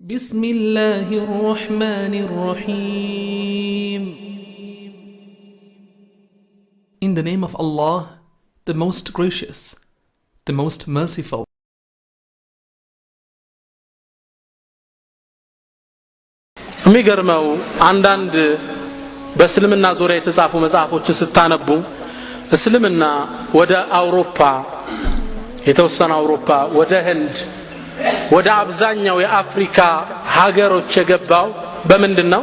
بسم الله الرحمن الرحيم In the name of Allah, the most gracious, the most merciful. የሚገርመው አንዳንድ በእስልምና ዙሪያ የተጻፉ መጽሐፎችን ስታነቡ እስልምና ወደ አውሮፓ የተወሰነ አውሮፓ ወደ ህንድ ወደ አብዛኛው የአፍሪካ ሀገሮች የገባው በምንድን ነው?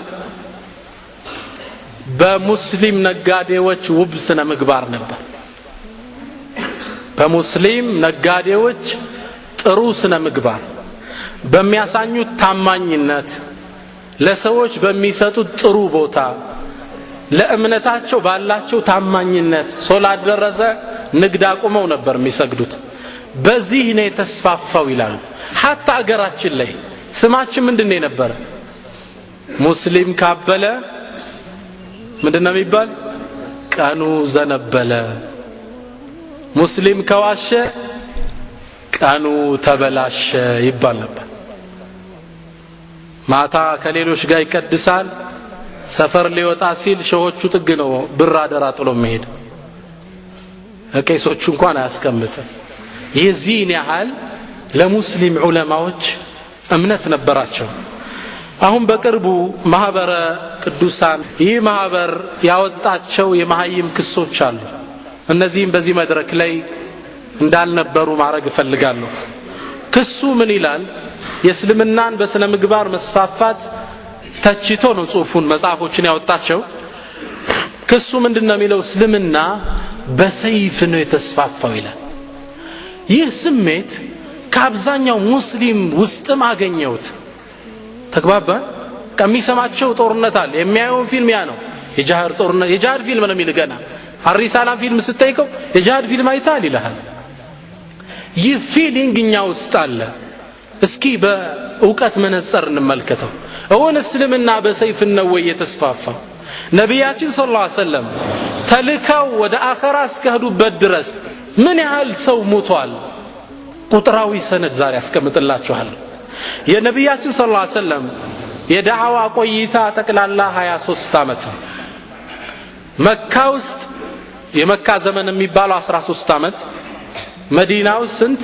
በሙስሊም ነጋዴዎች ውብ ስነ ምግባር ነበር። በሙስሊም ነጋዴዎች ጥሩ ስነ ምግባር፣ በሚያሳዩት ታማኝነት፣ ለሰዎች በሚሰጡት ጥሩ ቦታ፣ ለእምነታቸው ባላቸው ታማኝነት ሶላት ደረሰ ንግድ አቁመው ነበር የሚሰግዱት። በዚህ ነው የተስፋፋው ይላሉ ሀታ አገራችን ላይ ስማችን ምንድን የነበረ ሙስሊም ካበለ ምንድን ነው የሚባል ቀኑ ዘነበለ ሙስሊም ከዋሸ ቀኑ ተበላሸ ይባል ነበር ማታ ከሌሎች ጋር ይቀድሳል ሰፈር ሊወጣ ሲል ሸሆቹ ጥግ ነው ብር አደራ ጥሎ መሄድ ቄሶቹ እንኳን አያስቀምጥም የዚህን ያህል ለሙስሊም ዑለማዎች እምነት ነበራቸው አሁን በቅርቡ ማህበረ ቅዱሳን ይህ ማህበር ያወጣቸው የመሀይም ክሶች አሉ እነዚህም በዚህ መድረክ ላይ እንዳልነበሩ ማድረግ እፈልጋለሁ ክሱ ምን ይላል የእስልምናን በስነ ምግባር መስፋፋት ተችቶ ነው ጽሁፉን መጽሐፎችን ያወጣቸው ክሱ ምንድን ነው የሚለው እስልምና በሰይፍ ነው የተስፋፋው ይላል ይህ ስሜት ከአብዛኛው ሙስሊም ውስጥም አገኘውት ተግባባ ከሚሰማቸው ጦርነት አለ። የሚያየውን ፊልም ያ ነው። የጃሃድ ጦርነት የጃሃድ ፊልም ነው የሚል ገና አሪሳላን ፊልም ስጠይቀው የጃሃድ ፊልም አይታል ይልሃል። ይህ ፊሊንግ እኛ ውስጥ አለ። እስኪ በእውቀት መነጽር እንመልከተው። እውን እስልምና በሰይፍ ነው ወይ የተስፋፋ? ነቢያችን ሰለላሁ ዐለይሂ ወሰለም ተልከው ወደ አኸራ እስከሄዱበት ድረስ ምን ያህል ሰው ሞቷል? ቁጥራዊ ሰነድ ዛሬ ያስቀምጥላችኋል። የነቢያችን ስለ ላ ሰለም የዳዕዋ ቆይታ ጠቅላላ 23 ዓመት ነው። መካ ውስጥ የመካ ዘመን የሚባለው 13 ዓመት፣ መዲና ውስጥ ስንት?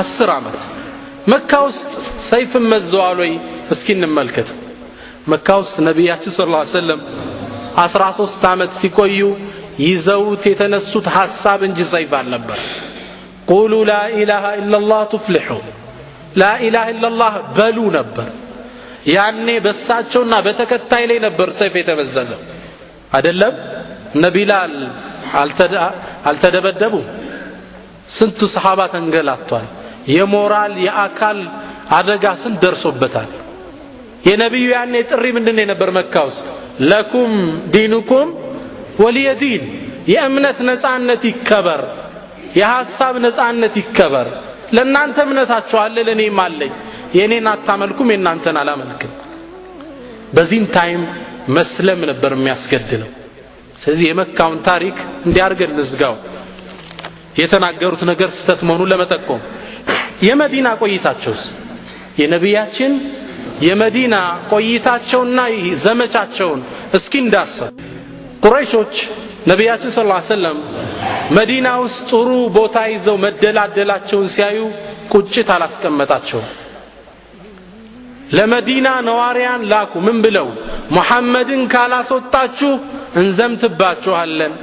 10 ዓመት። መካ ውስጥ ሰይፍን መዘዋል ወይ? እስኪ እንመልከት። መካ ውስጥ ነቢያችን ስለ ላ ሰለም 13 ዓመት ሲቆዩ ይዘውት የተነሱት ሐሳብ እንጂ ሰይፍ አልነበር ቁሉ ላኢላሃ ኢላላህ ቱፍልሑ ላኢላሃ ኢላላህ በሉ ነበር ያኔ በሳቸውና በተከታይ ላይ ነበር ሰይፍ የተመዘዘው አይደለም? እነ ቢላል አልተደበደቡም ስንቱ ሰሓባ ተንገላቷል የሞራል የአካል አደጋ ስንት ደርሶበታል የነቢዩ ያኔ ጥሪ ምንድን ነበር መካ ውስጥ ለኩም ዲኑኩም ወልየዲን የእምነት ነፃነት ይከበር፣ የሐሳብ ነፃነት ይከበር። ለእናንተ እምነታችሁ አለ፣ ለእኔም አለኝ። የእኔን አታመልኩም፣ የእናንተን አላመልክም። በዚህም ታይም መስለም ነበር የሚያስገድለው። ስለዚህ የመካውን ታሪክ እንዲያርገን ንዝጋው የተናገሩት ነገር ስህተት መሆኑን ለመጠቆም የመዲና ቆይታቸውስ የነቢያችን የመዲና ቆይታቸውና ዘመቻቸውን እስኪ እንዳሰብ ቁረይሾች ነቢያችን ስለ ሰለም መዲና ውስጥ ጥሩ ቦታ ይዘው መደላደላቸውን ሲያዩ ቁጭት አላስቀመጣቸው ለመዲና ነዋሪያን ላኩ ምን ብለው ሙሐመድን ካላስወጣችሁ እንዘምትባችኋለን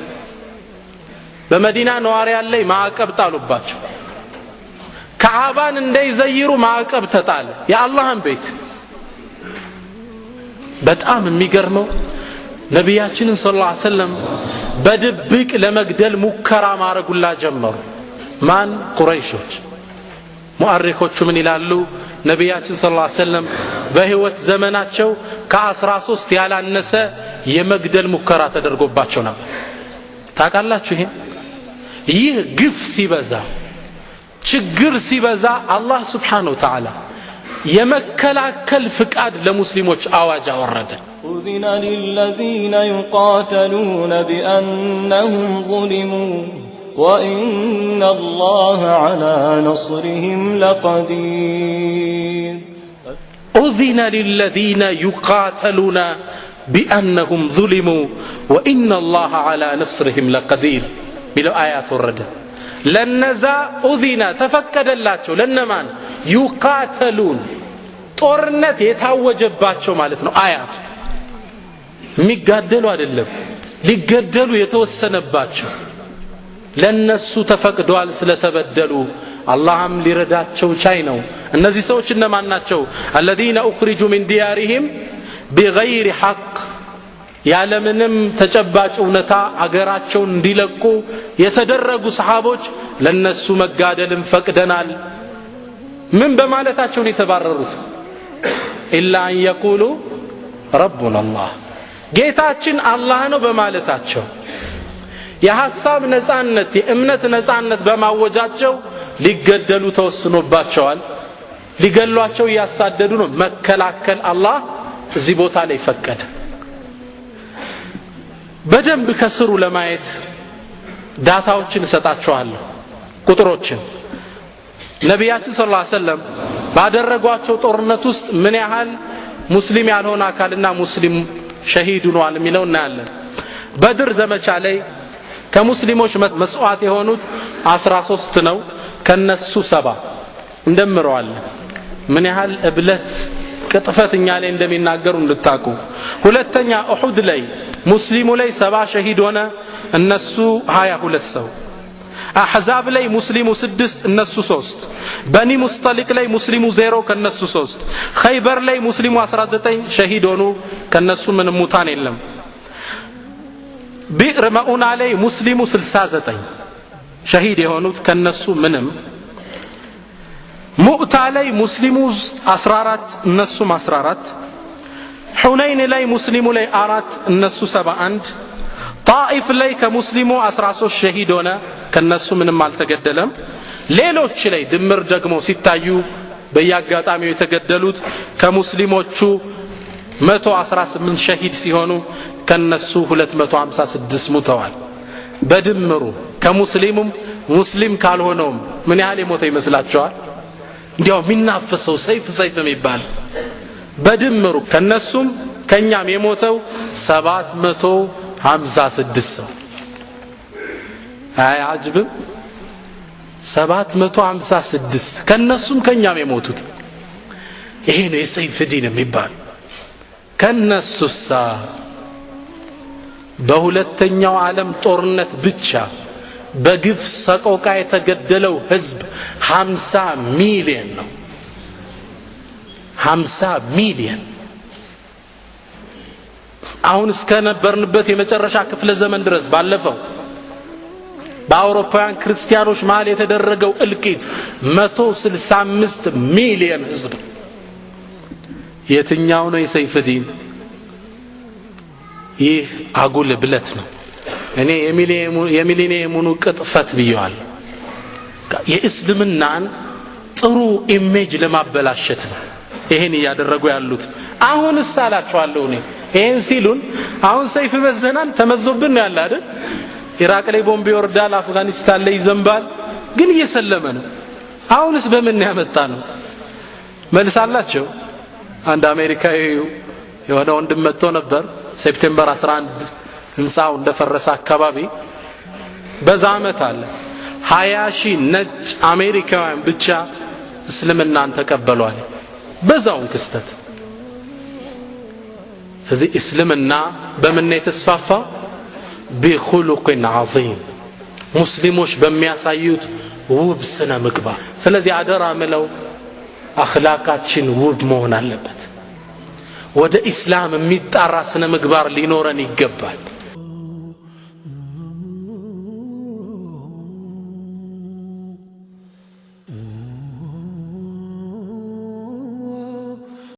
በመዲና ነዋሪያን ላይ ማዕቀብ ጣሉባቸው ከአባን እንዳይዘይሩ ማዕቀብ ተጣለ የአላህን ቤት በጣም የሚገርመው ነቢያችንን ስ ላ ሰለም በድብቅ ለመግደል ሙከራ ማድረጉላ ጀመሩ ማን ቁረይሾች ሙአሪኮቹ ምን ይላሉ ነቢያችን ስ ሰለም በህይወት ዘመናቸው ከአስራ ሶስት ያላነሰ የመግደል ሙከራ ተደርጎባቸው ነበር ታውቃላችሁ ይሄ ይህ ግፍ ሲበዛ ችግር ሲበዛ አላህ ስብሓን ወተዓላ የመከላከል ፍቃድ ለሙስሊሞች አዋጅ አወረደ أذن للذين يقاتلون بأنهم ظلموا وإن الله على نصرهم لقدير أذن للذين يقاتلون بأنهم ظلموا وإن الله على نصرهم لقدير بلو آيات الرد ለነዛ ኡዚና لن ለነማን يقاتلون ጦርነት የታወጀባቸው ማለት ነው አያቱ የሚጋደሉ አይደለም ሊገደሉ የተወሰነባቸው ለነሱ ተፈቅዷል ስለተበደሉ አላህም ሊረዳቸው ቻይ ነው እነዚህ ሰዎች እነማን ናቸው አለዚነ ኡኽሪጁ ሚን ዲያሪህም ቢገይሪ ሐቅ ያለምንም ተጨባጭ እውነታ አገራቸውን እንዲለቁ የተደረጉ ሰሓቦች ለነሱ መጋደልን ፈቅደናል ምን በማለታቸው ነው የተባረሩት ኢላ አን የቁሉ ረቡና አላህ ጌታችን አላህ ነው በማለታቸው የሐሳብ ነፃነት፣ የእምነት ነፃነት በማወጃቸው ሊገደሉ ተወስኖባቸዋል። ሊገሏቸው እያሳደዱ ነው። መከላከል አላህ እዚህ ቦታ ላይ ፈቀደ። በደንብ ከስሩ ለማየት ዳታዎችን እሰጣችኋለሁ፣ ቁጥሮችን ነቢያችን ስ ሰለም ባደረጓቸው ጦርነት ውስጥ ምን ያህል ሙስሊም ያልሆነ አካልና ሙስሊም ሸሂድ ሆኗል የሚለው እናያለን። በድር ዘመቻ ላይ ከሙስሊሞች መስዋዕት የሆኑት 13 ነው። ከነሱ ሰባ እንደምረዋለን። ምን ያህል እብለት ቅጥፈት እኛ ላይ እንደሚናገሩ እንድታቁ። ሁለተኛ እሁድ ላይ ሙስሊሙ ላይ ሰባ ሸሂድ ሆነ፣ እነሱ 22 ሰው አሕዛብ ላይ ሙስሊሙ ስድስት እነሱ ሶስት በኒ ሙስጠሊቅ ላይ ሙስሊሙ ዜሮ ከነሱ ሶስት ኸይበር ላይ ሙስሊሙ 19 ሸሂድ ሆኑ ከነሱ ምንም ሙታን የለም ቢዕር መኡና ላይ ሙስሊሙ 69 ሸሂድ የሆኑት ከነሱ ምንም ሙእታ ላይ ሙስሊሙ 14 እነሱም 14 ሑነይን ላይ ሙስሊሙ ላይ አራት እነሱ 71 ጣኢፍ ላይ ከሙስሊሙ 13 ሸሂድ ሆነ ከነሱ ምንም አልተገደለም ሌሎች ላይ ድምር ደግሞ ሲታዩ በየአጋጣሚው የተገደሉት ከሙስሊሞቹ 118 ሸሂድ ሲሆኑ ከነሱ 256 ሙተዋል በድምሩ ከሙስሊሙም ሙስሊም ካልሆነውም ምን ያህል የሞተ ይመስላቸዋል እንዲያው የሚናፍሰው ሰይፍ ሰይፍ የሚባል በድምሩ ከነሱም ከእኛም የሞተው ሰባት ሀምሳ ስድስት ሰው አያጅብም ሰባት መቶ ሀምሳ ስድስት ከእነሱም ከእኛም የሞቱት ይሄ ነው የሰይፍ ዲን የሚባል ከነሱሳ በሁለተኛው ዓለም ጦርነት ብቻ በግፍ ሰቆቃ የተገደለው ህዝብ ሀምሳ ሚሊየን ነው ሀምሳ ሚሊየን አሁን እስከነበርንበት የመጨረሻ ክፍለ ዘመን ድረስ ባለፈው በአውሮፓውያን ክርስቲያኖች መሀል የተደረገው እልቂት 165 ሚሊየን ህዝብ የትኛው ነው የሰይፍዲን? ይህ አጉል ብለት ነው። እኔ የሚሊኒየሙኑ ቅጥፈት ብየዋል። የእስልምናን ጥሩ ኢሜጅ ለማበላሸት ነው ይህን እያደረጉ ያሉት። አሁንስ አላችኋለሁ እኔ ይህን ሲሉን አሁን ሰይፍ መዘናል ተመዞብን ነው ያለ አይደል? ኢራቅ ላይ ቦምብ ይወርዳል፣ አፍጋኒስታን ላይ ይዘንባል። ግን እየሰለመ ነው። አሁንስ በምን ያመጣ ነው? መልስ አላቸው። አንድ አሜሪካዊ የሆነ ወንድም መጥቶ ነበር። ሴፕቴምበር 11 ህንፃው እንደፈረሰ አካባቢ በዛ አመት አለ ሀያ ሺህ ነጭ አሜሪካውያን ብቻ እስልምናን ተቀበሏል። በዛውን ክስተት ስለዚህ እስልምና በምን የተስፋፋ ቢኹሉቅን ዐዚም ሙስሊሞች በሚያሳዩት ውብ ስነ ምግባር ስለዚህ አደራ ምለው አኽላቃችን ውብ መሆን አለበት ወደ ኢስላም የሚጣራ ስነ ምግባር ሊኖረን ይገባል